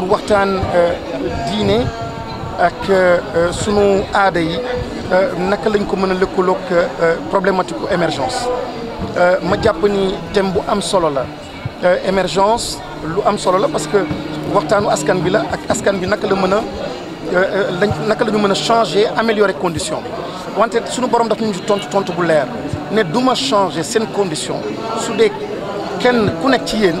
pour waxtaan euh, diine ak euh, euh, sunu aada yi naka lañ ko mën lekkulok problématique émergence ma japp ni thème bu am solo la émergence lu am solo la parce que waxtaanu askan bi la ak askan bi naka la mën a lañ naka la ñu changer améliorer condition wante sunu borom daf ñu tontu tontu bu leer ne duma changer sen condition su dee kenn ku nek ci yeen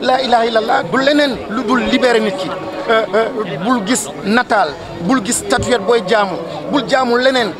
La ilaha illallah du leneen lu dul libéré nit ki euh, euh, bul gis natal bul gis statuette boy jaamu bul jaamu lenen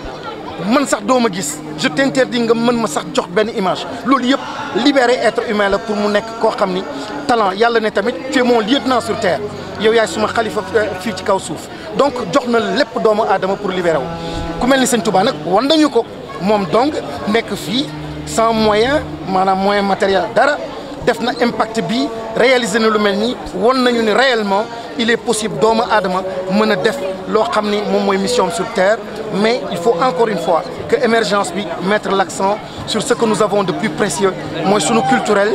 man sax doo gis je t'interdis nga man ma sax jox ben image lolou yep libérer être humain la pour mu nek ko xamni talent yàlla ne tamit tu es mon lieutenant sur terre yow yaay suma khalifa euh, fi ci kaw souf donc joxna lepp lépp doomu aadama pour libérer wu ku melni seigne sëñ Touba nag wan nañu ko mom donc nek fi sans moyen manam moyen matériel dara def na impact bi réaliser na lu mel won nañu réellement il est possible doomu adama mën def loo xam mission sur terre mais il faut encore une fois que émergence bi mettre l'accent sur ce que nous avons de plus précieux mooy sunu culturel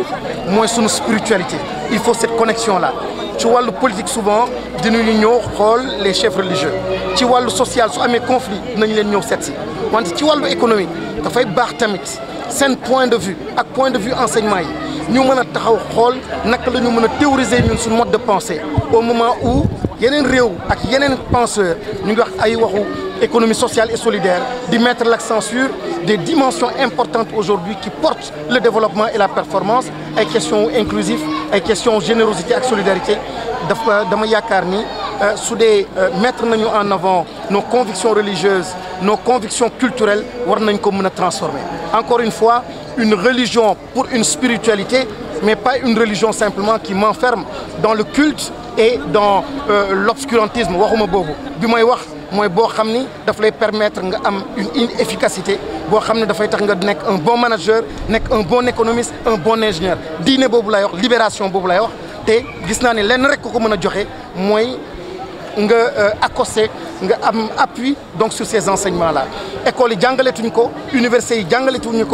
mooy sunu spiritualité il faut cette connexion là Tu vois, wàllu politique souvent ñu ñëw xool les chefs religieux ci le social su amee conflit dinañu leen ñëw seet si wante ci wàllu économique dafay baax tamit point de vue ak point de vue enseignement yi nous avons nous taxaw mode de pensée au moment où un réel, ak yeneen penseurs ñu ngi économie sociale et solidaire de mettre l'accent sur des dimensions importantes aujourd'hui qui portent le développement et la performance question questions inclusives question questions générosité et solidarité dafa dama euh, euh, mettre en avant nos convictions religieuses, nos convictions culturelles, nous devons ko transformer. Encore une fois, une religion pour une spiritualité, mais pas une religion simplement qui m'enferme dans le culte et dans euh, l'obscurantisme. waxuma boobu bi mooy wax que permettre une efficacité boo xam être un bon manager un bon économiste un bon ingénieur Dîner boobu lay libération boobu lay wax gis ko nga euh, appui donc sur ces enseignements là école est jàngaletuñ université yi jàngaletuñu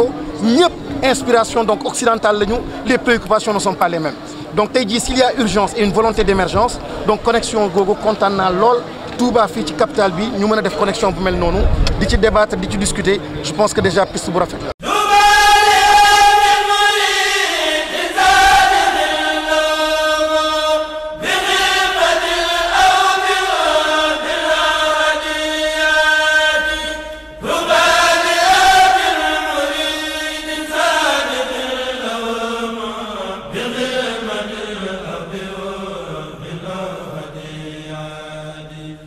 inspiration donc occidentale les préoccupations ne sont pas les mêmes donc s'il y a urgence et une volonté d'émergence donc connexion gogo kontaan tout lool Touba fii ci capitale bi ñu mën def connexion bu mel di débattre di ci discuter je pense que déjà piste pour faire.